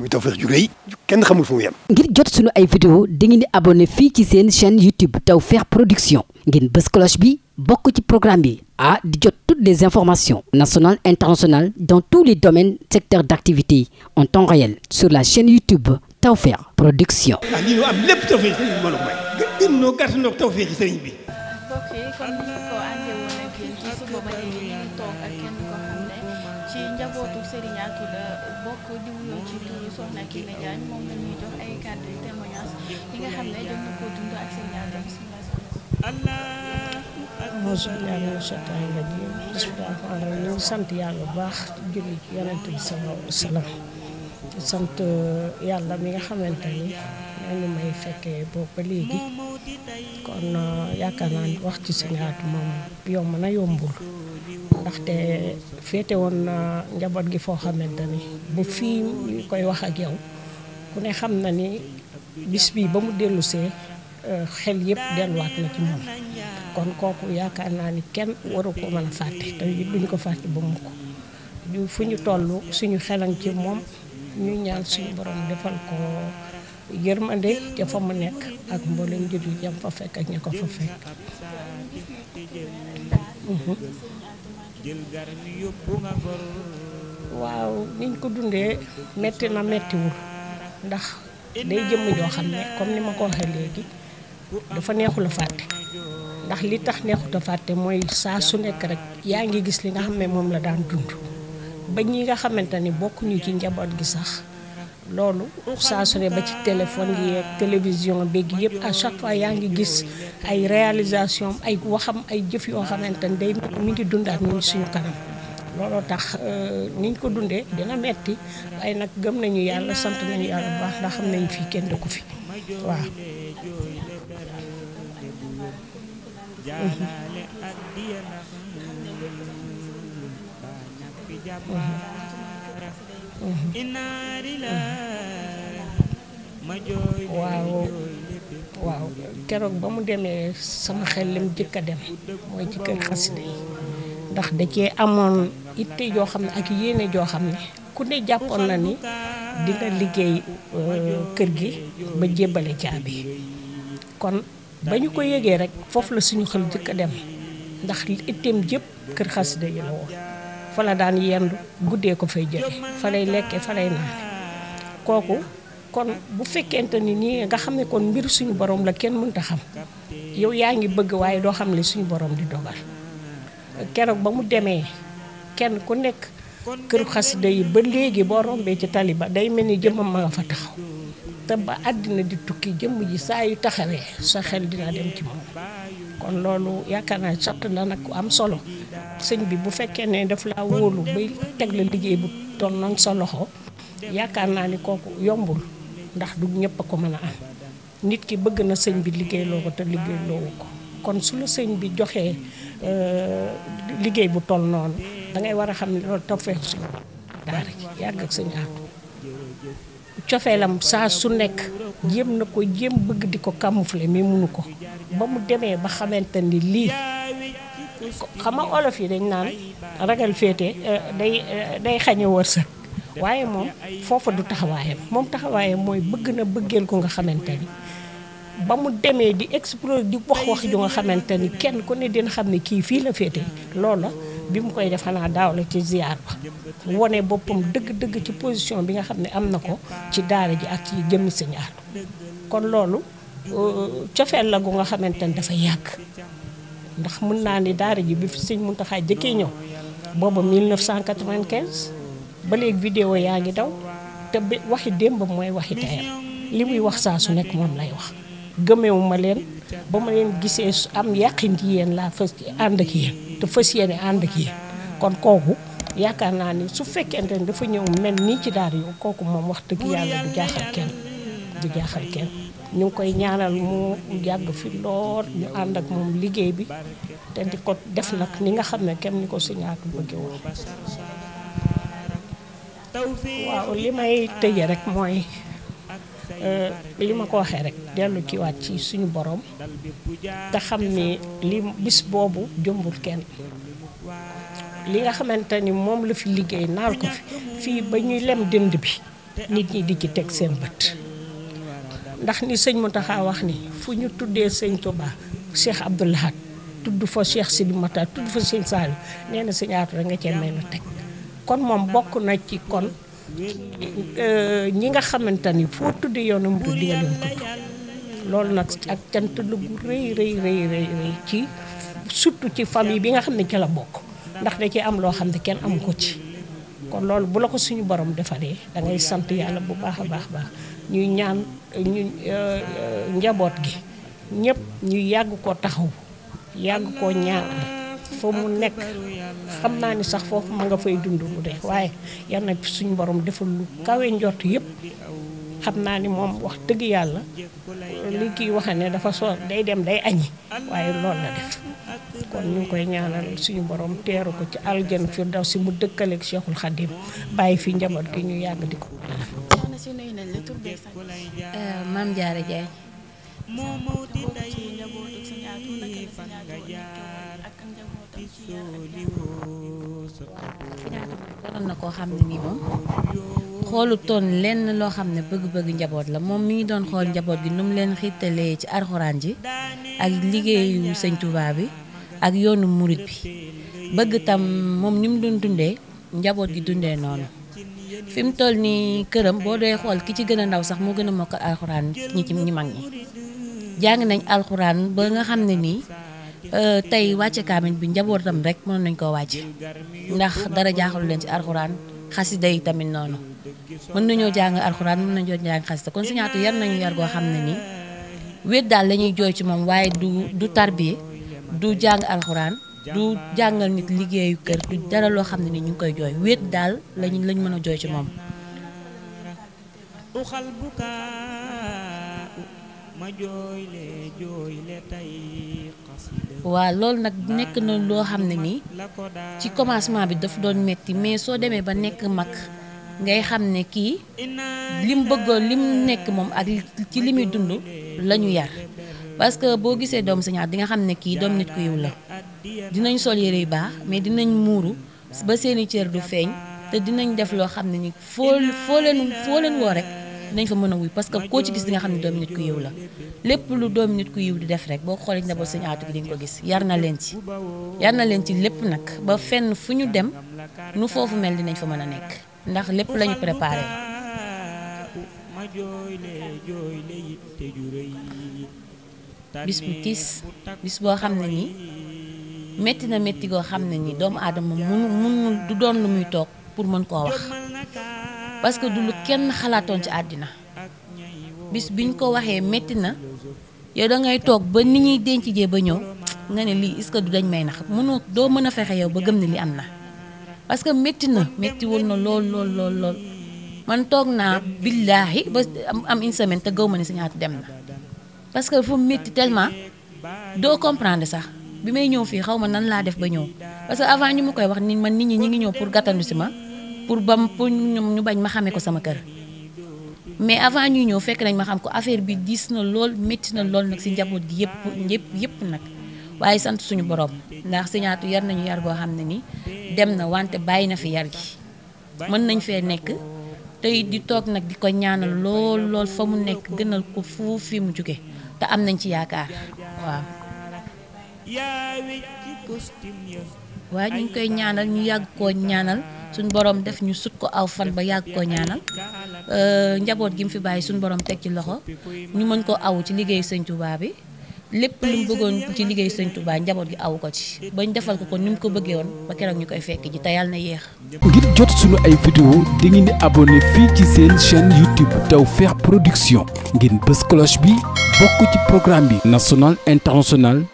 muy Tawfekh ngir jot sunu ay vidéo dangeen di abonné fii ci seen chaîne YouTube Tawfekh Production ngeen bës cloche bi bokk ci programme bi a di jot toutes les informations nationales internationales dans tous les domaines secteurs d'activité en temps réel sur la chaîne YouTube Tawfekh Production. yi ah, comme ni ko àndee woon ak yéen ci suba ko di wuyoo ci turu Soxna moom la jox ay cadre yu témoignage yi nga xam ne jot ko dund ak seen ñaar dem bismillah aouzu billaahi mina shaytaani rajiim bismillaahi rahmaani rahiim sant yàlla bu baax julli ci yonent bi sallallahu alayhi sant euh, yàlla mi nga xamante ni ñu may fekkee boobu ba léegi kon euh, yaakaar naa ni wax ci Sëriñ Atou moom yomb na yombul ndaxte féete woon na njaboot gi foo xamante ni bu fii ñu koy wax ak yow ku ne xam na ni bis bii ba mu dellusee euh, xel yëpp delluwaat na ci moom kon kooku yaakaar naa ni kenn waru ko mën a fàtte te ko fàtte ba mukk fu ñu toll suñu xelan ci moom ñuy ñaan suñ borom defal ko yërmande ca fa mu nekk ak mboolem jullit yam fa fekk ak ña ko fa fekk. waaw niñ ko dundee metti na mettiwul ndax day jëmm joo xam ne comme ni ma ko waxee léegi dafa neexul a fàtte ndax li tax neexut a fàtte mooy saa su nekk rek yaa ngi gis li nga xam ne moom la daan dund. ba ñi nga xamante ni bokkuñu ci njaboot gi sax loolu saa su ne ba ci téléphone yi ak télévision beeg yëpp a chaque fois yaa ngi gis ay réalisation ay waxam ay jëf yoo xamante ni day mi ngi dundaat ñun suñu kanam looloo tax euh, niñ ko dundee dina metti waaye nag gëm nañu yàlla sant nañu yàlla bu baax ndax xam nañu fii kenn dëkku fi waaw. waaw keroog ba mu demee sama xel lim jëkk a dem mooy ci kër xasida yi ndax da cee amoon itte joo xam ne ak yéene joo xam ne ku ne jàppoon na ni dina liggéey euh, kër gi ba jébbale caabi kon ba ñu ko yëgee rek foofu la suñu xel jëkk a dem ndax itteem jëpp kër xasida yi la woon fa la daan yendu guddee ko fay jële fa lay lekkee fa lay naane kooku kon bu fekkente ni nii nga xam ne kon mbir suñu borom la kenn mënta xam yow yaa ngi bëgg waaye doo xam ne suñu boroom di dogal keroog ba mu demee kenn ku nekk këru xasida yi ba léegi boo rombee ci taliba day mel ni jëmmam ma nga fa taxaw te ba àddina di tukki jëmm ji saa yu taxawee sa xel dina dem ci moom kon loolu yaakaar naa ni sart na nag ku am solo sëñ bi bu fekkee ne daf laa wóolu bay teg la liggéey bu toll noonu sa yaakaar naa ni kooku yombul ndax du ñëpp ko mën a nit ki bëgg na sëñ bi liggéeyloo ko te liggéeyloowu ko kon su sëñ bi joxee euh, liggéey bu toll noonu dangay war a xam ne loolu tawfeexu suñu daara ji yàgg ak suñu ànd cofeelam saa su nekk jéem na ko jéem bëgg di ko camoufler mais munu ko ba mu demee ba xamante ni lii xam olof yi dañ naan ragal féete euh, day euh, day xañe wërsëg waaye moom foofa du taxawaayam moom taxawaayam mooy bëgg na bëggeel ko nga xamante ni ba mu demee di explore di wax wax ju nga xamante ni kenn ko ne dina xam ne kii fii la féete loolu la bi mu koy def xanaa daaw la ci ziar ba wone boppam dëgg-dëgg ci position bi nga xam ne am na ko ci daara ji ak ci jëmmi Sëñ Aatu kon loolu euh, cofeel la gu nga xamante ni dafa yàgg ndax mën naa ni daara ji bi fi Sëñ Muntaxa jëkkee ñëw booba 1995 ba léegi vidéo yaa ngi daw te waxi démb mooy waxi tayam li muy wax saa su nekk moom lay wax gëmewu ma leen ba ma leen gisee am yàqin ci yéen laa fas ànd ak yéen te ànd ak yéen kon kooku yaakaar naa ni su fekkente ne dafa ñëw mel nii ci daara yow kooku moom wax dëgg yàlla du jaaxal kenn ñu ngi koy ñaanal mu yàgg fi lool ñu ànd ak moom liggéey bi te di ko def nag ni nga xam ne kenn ni ko suñaatu bëgge woon waaw li may tëje rek mooy Euh, li ma ko waxee rek dellu kiiwaat ci suñu borom te xam ni li bis boobu jombul kenn li nga xamante ni moom la fi liggéey naal ko fi fii ba ñuy lem dënd bi nit ñi di ci teg seen bët ndax ni sëñ Mountakha wax ni fu ñu tuddee sëñ Touba Cheikh Abdoul Ahad tudd fa Cheikh Sidi Mata tudd fa sëñ Saliou nee na sëñ Atou rek nga cee may na teg kon moom bokk na ci kon Euh, ñi nga xamante ni foo tudd yoonu Mbour di leen tudd loolu nag ak cant lu gu rëy rëy rëy ci surtout ci famille bi nga xam ne ci la bokk ndax da ci am loo xam ne kenn amu ko ci kon loolu bu la ko suñu boroom defaree da ngay sant yàlla bu baax a baax baax ñuy ñaan ñu euh, njaboot gi ñëpp ñu yàgg koo taxaw yàgg ko ñaan fa mu nekk xam naa ni sax foofu ma nga fay dund mu de waaye yal na suñu boroom deful lu kawe njort yëpp xam naa ni moom wax dëgg yàlla li kii waxa ne dafa soor day dem day añi waaye loolu la def kon ñu koy ñaanal suñu boroom teeru ko ci aljan firdaw si mu dëkkaleeg Cheikhul Khadim bàyyi fi njaboot gi ñu yàgg di ko. doon na koo xam ne nii moom ton lenn loo xam ne bëgg-bëgg njaboot la moom mu ngi doon xool njaboot gi nu mu leen xittalee ci arxuraan ji ak liggéeyu sëñ Tuubaa bi ak yoonu murit bi bëgg tam moom ni mu doon dundee njaboot gi dundee noonu fi mu toll nii këram boo dee xool ki ci gën a ndaw sax moo gën a mokk alxuraan ñi ci ñi mag ñi jàng nañ alxuraan ba nga xam ne nii Euh, tey wàcce kaamil bi njabootam rekk mënoon nañ koo wàcce ndax dara jaaxalu leen ci alxuraan xasida yi tamit noonu mën nañoo jàng arxuraan mën nañoo jàng xasida kon suñu yar nañu yar goo xam ne nii wéet daal lañuy ñuy jooy ci moom waaye du du tarbiye du jàng alxuraan du jàngal nit liggéeyu kër du dara loo xam ne ni ñu ngi koy jooy wéet daal lañu lañ mën a jooy ci moom. waa loolu nag nekk na loo xam ne nii ci commencement bi daf doon metti mais soo demee ba nekk mag ngay xam ne kii lim bëggoon lim nekk moom ak ci li muy dund la ñu yar parce que boo gisee doom sañaar di nga xam ne kii doom nit ku yiw la dinañ sol yére yu baax mais dinañ muuru ba seeni cër du feeñ te dinañ def loo xam ne ni foo foo leen foo leen woo rek nañ fa mën a wuy parce que koo ci gis di xam ne doomu nit ku yiw la lépp lu doomu nit ku yiw di def rek boo ko xoolee njaboot sëñ aatu gi di nga ko gis yar na leen ci yar na leen ci lépp nag ba fenn fu ñu dem nu foofu mel dinañ fa mën a nekk ndax lépp lañu préparé bis bu tiis bis boo xam ne nii metti na métti goo xam ne nii doomu aadama mënu mënu du doon lu muy toog pour mën koo wax parce que lu kenn xalaatoon ci àddina bis biñ ko waxee métti na yow da ngay toog ba ni ñuy denc jee ba ñëw nga ne lii est que du dañ may nax mënoo doo mën a fexe yow ba gëm ne li am na parce que métti na méttiwul na lool lool lool man toog naa billaahi ba am une semaine te gaw ma ne si ñaata dem na parce que fu métti tellement doo comprendre sax bi may ñëw fii xaw ma nan laa def ba ñëw parce que avant ñu ma koy wax ni man nit ñi ñu ngi ñëw pour gàttandu si ma pour ba pour ñu bañ ma xamee ko sama kër mais avant ñuy ñëw fekk nañ ma xam ko affaire bi diis na lool métti na lool nag si njaboot gi yëpp yëpp yëpp nag waaye sant suñu boroom ndax siñaatu yar nañu yar goo xam ne ni dem na wante bàyyi na fi yar gi mën nañ fee nekk tey di toog nag di ko ñaanal lool lool fa mu nekk gënal ko fuuf fi mu jóge te am nañ ci yaakaar waaw waaye ñu ngi koy ñaanal ñu yàgg koo ñaanal suñ borom def ñu sut ko aw fan ba yàgg koo ñaanal euh, njaboot gi mu fi bàyyi suñ borom teg ci loxo ñu mën ko aw ci liggéey sëñ Touba bi lépp lu mu bëggoon ci liggéey sëñ Touba njaboot gi aw ko ci bañ defal ko ko ni mu ko bëggee woon ba keroog ñu koy fekk ji te yàlla na yéex. ngir jot suñu ay vidéo di ngeen di abonné fii ci seen chaîne YouTube Tawfekh Production ngeen bës cloche bi bokk ci programme bi national international.